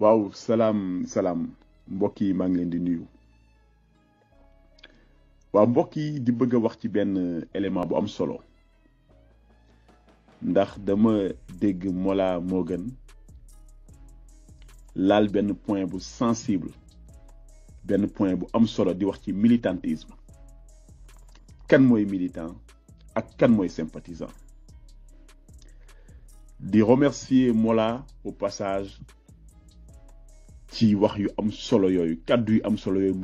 waaw salam, salam, mbokk yi maa ngi leen di nuyu waaw mbokk di bëgg a wax ci benn élément bu am solo ndax dama dégg Mola Morgan laal benn point bu sensible benn point bu am solo di wax militantisme kan mooy militant ak kan mooy sympathisant di remercier Mola au passage ci wax yu am solo yooyu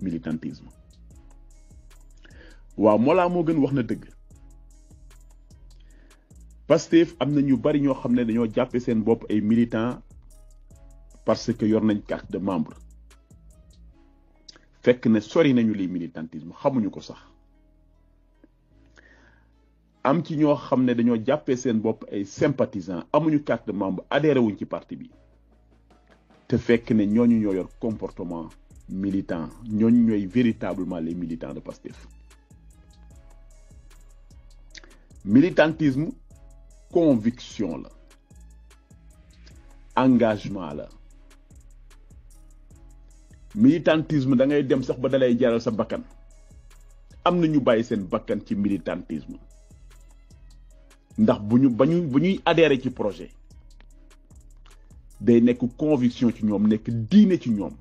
militantisme waaw mola moo gën wax na dëgg am bari dañoo parce que yor nañ carte de membre fekk ne sori nañu Vous militantisme xamuñu ko sax am ci ñoo xam ne dañoo jàppee seen ay sympathisants amuñu carte de membre adhéré wuñ ci parti te fait que nous avons un comportement militant nous sommes véritablement les militants de Pastef militantisme conviction là engagement là militantisme dans ngay dem sax ba dalay jaral sa am ñu seen bakkan ci militantisme ndax buñu bañu buñuy projet day nek conviction ci ñom nek diiné ci ñom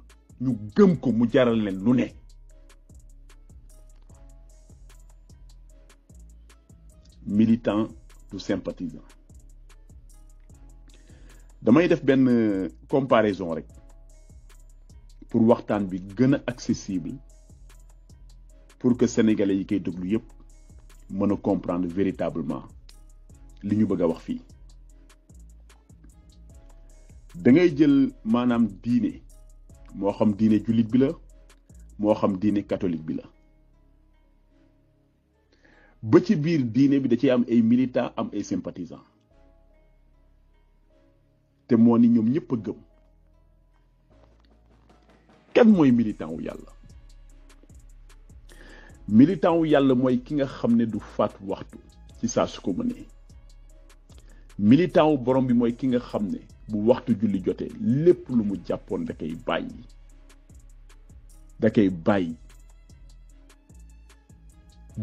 ñu gëm ko mu jaral leen lu ne militant du sympathisant damay def ben comparaison rek pour waxtaan bi gëna accessible pour que sénégalais yi kay déglu yépp mëna comprendre véritablement li ñu bëgg wax fii dangay jël maanaam diine moo xam diine jullit bi la moo xam diine katolik bi la ba ci biir diine bi da ciy am ay militants am ay sympathisants te moo ni ñoom ñëpp a gëm kenn mooy militant wu yàlla militant wu yàlla mooy ki nga xam ne du faat waxtu ci saa su ko mënee militant wu borom bi mooy ki nga xam ne. bu waxtu julli jotee lépp lu mu jàppoon da koy bàyyi da koy bàyyi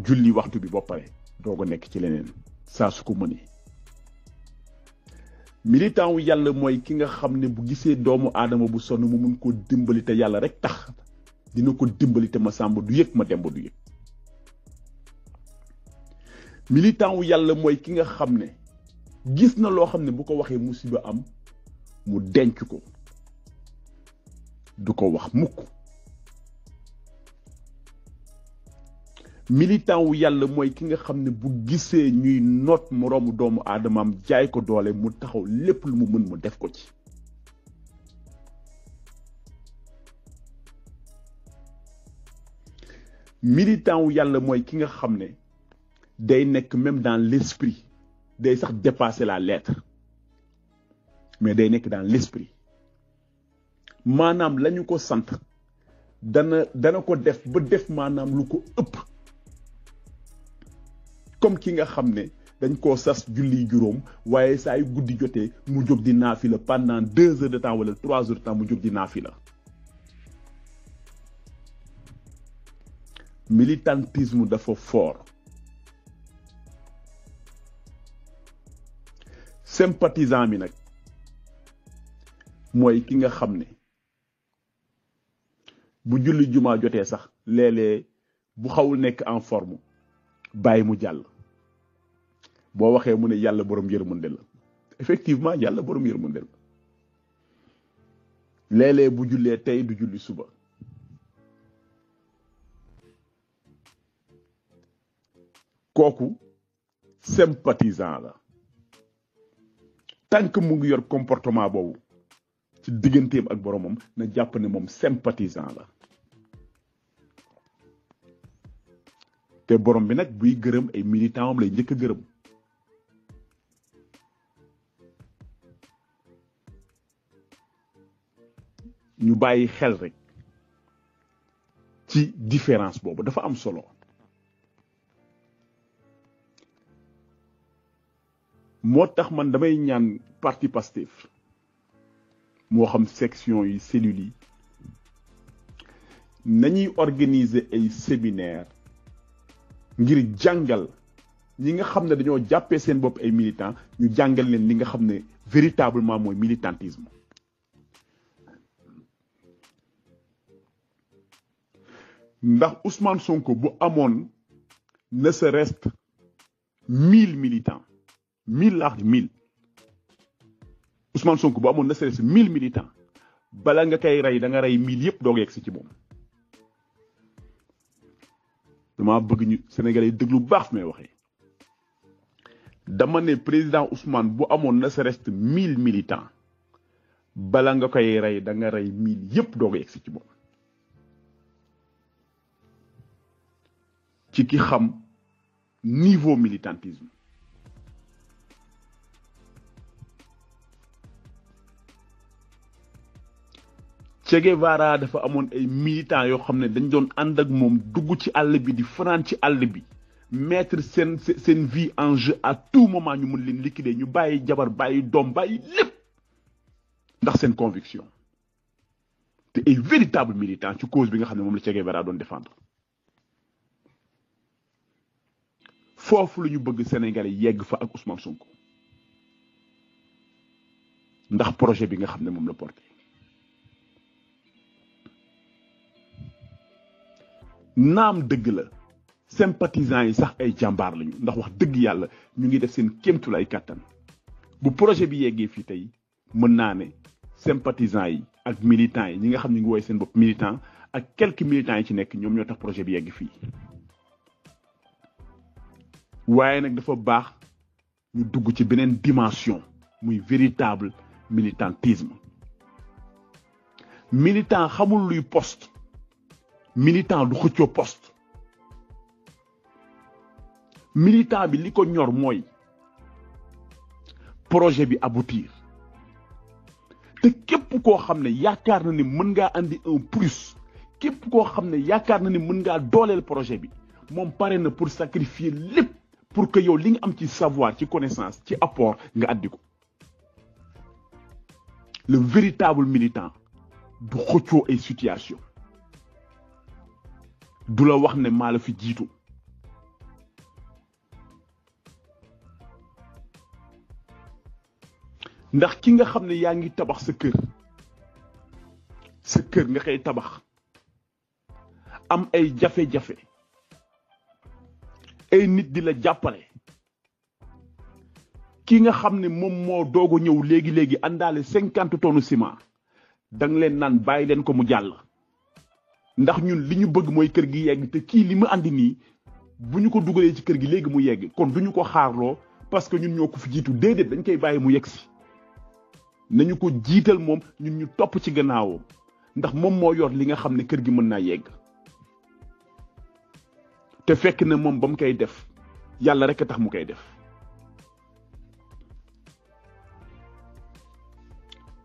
julli waxtu bi ba pare doog a nekk ci leneen saa su ko mënee militant wu yàlla mooy ki nga xam ne bu gisee doomu aadama bu sonn mu mun koo dimbali te yàlla rek tax dina ko dimbali te ma sàmba du yëg ma demba du yëg militant wu yàlla mooy ki nga xam ne gis na loo xam ne bu ko waxee musiba am mu denc ko du ko wax mukk militant wu yàlla mooy ki nga xam ne bu gisee ñuy noot moroomu doomu aadamaam jaay ko doole mu taxaw lépp lu mu mën mu def ko ci militant wu yàlla mooy ki nga xam ne day nekk même dans l'esprit day sax dépasser la lettre mais day nekk daan l'esprit maanaam lañu ko sant dana dana ko def ba def maanaam lu ko ëpp comme ki nga xam ne dañ koo sas julli juróom waaye saa yu guddi jotee mu jóg di naafila pendant deux heures de temps wala trois heures de temps mu jóg di naafila militantisme dafa foor sympathisant bi nag mooy ki nga xam ne bu julli jumaa jotee sax léeg bu xawul nekk en forme bàyyi mu jàll boo waxee mu ne yàlla borom yërmande la effectivement yàlla borom yërmande la léeg-léeg bu jullee tey du julli suba kooku sympathisant la tant mu ngi yor comportement boobu ci digëntéem ak boromam na japp ne mom sympathisant la té borom bi nak buy gërëm ay militant lay ñëk a gërëm ñu bayyi xel rek ci différence bobu dafa am solo motax man damay ñaan parti pastif avons xam section yi cellules yi nañuy séminaire ngir jàngal ñi nga nous, ne dañoo jàppee seen bopp ay militants ñu jàngal véritablement mooy militantisme ndax Ousmane Sonko bu ne serait reste mille militants mille large mille Ousmane Sonko bu amoon na serait-ce mille militants bala nga kay ray da nga ray mille yëpp doog yegg ci moom dama bëgg ñu Sénégalais yi lu baax may waxee dama né président Ousmane bu amoon na serait reste mille militants bala nga kay ray da nga ray mille yëpp doog yegg ci ci ki xam niveau militantisme Che Guevara dafa amone ay militants yo xam dañ doon and ak mom duggu ci àll bi di fanaan ci àll bi mettre sen seen vie en jeu à tout moment ñu mën leen liquider ñu bàyyi jabar bàyyi dom bàyyi lépp ndax sen conviction té ay véritable militant ci cause bi nga xam mom la Che Guevara doon défendre fofu lu ñu bëgg Sénégalais yegg fa ak Ousmane Sonko ndax projet bi nga xam mom la porter Nam deug la sympathisants yi sax ay jambar lañu ndax wax deug yalla ñu ngi def seen lay katan bu projet bi sympathisants yi ak militants yi ñi nga xam ngi militant ak quelques militants yi ci ñoo projet bi yegg dafa ñu dimension véritable militantisme militant xamul luy poste militant du xëccoo poste militant bi liko ñor moy projet bi aboutir te képp ko xamné ne na ni mën nga andi un plus képp ko xamné ne na ni mën ngaa dooleel projet bi mom paré na pour sacrifier lépp pour que yow li nga am ci savoir ci connaissance ci apport nga addi ko le véritable militant du xëccoo et situation du la wax ne maa la fi jiitu ndax ki nga xam ne yaa ngi tabax sa kër sa kër nga koy tabax am ay jafe-jafe ay nit di la jàppale ki nga xam ne moom moo doog a ñëw léegi-léegi àndaale cinquante tonnes ciment danga leen naan bàyyi leen ko mu jàll ndax ñun li ñu bëgg mooy kër gi yegg te kii li mu andi nii bu ñu ko dugalee ci kër gi léegi mu yegg kon ñu ko xaarloo parce que ñun ñoo ko fi jiitu déedéet dañ koy bàyyi mu yegg si nañu ko jiital moom ñun ñu topp ci gannaawam ndax moom moo yor li nga xam ne kër gi mën naa yegg te fekk na moom ba mu koy def yàlla rek a tax mu koy def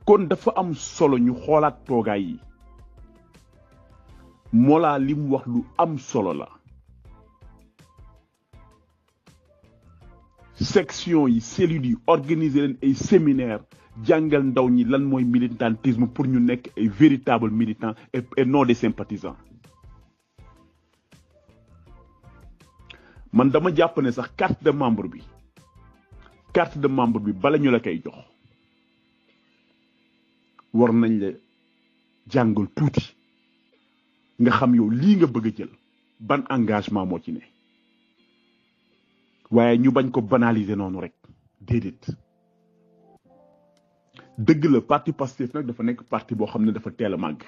kon dafa am solo ñu xoolaat toogaay yi Mola limwaklu wax lu am solo section yi cellule yi organiser leen séminaire jàngal ndaw ñi lan militantisme pour ñu nekk ay véritable militants et non des sympathisants man dama jàpp ne sax carte de membre bi carte de membre bi bala la koy jox war nañ la nga xam yow li nga bëgg ban engagement moo ci ne waaye ñu ko banaliser noonu rek déedéet dëgg la parti passif, nag dafa nekk parti boo xam ne dafa teel a màgg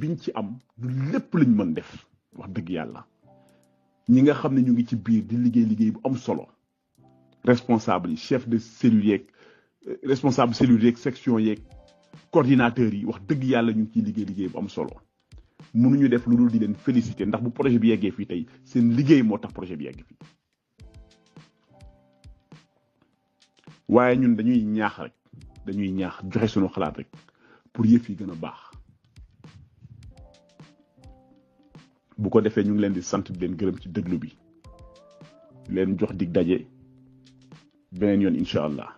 biñ ci am du lépp lañ mën def wax dëgg yàlla ñi nga xam ne ñu responsable chef de cellule responsable cellule section coordinateurs yi wax dëgg yàlla ñu ngi ciy liggéey liggéey bu am solo mënuñu def lu dul di leen félicité ndax bu projet bi yeggee fii tey seen liggéey moo tax projet bi yegg fii waaye ñun dañuy ñaax rek dañuy ñaax joxe sunu xalaat rek pour yëf yi gën a baax bu ko defee ñu ngi leen di sant di leen gërëm ci déglu bi leen jox dig daje beneen yoon incha allah.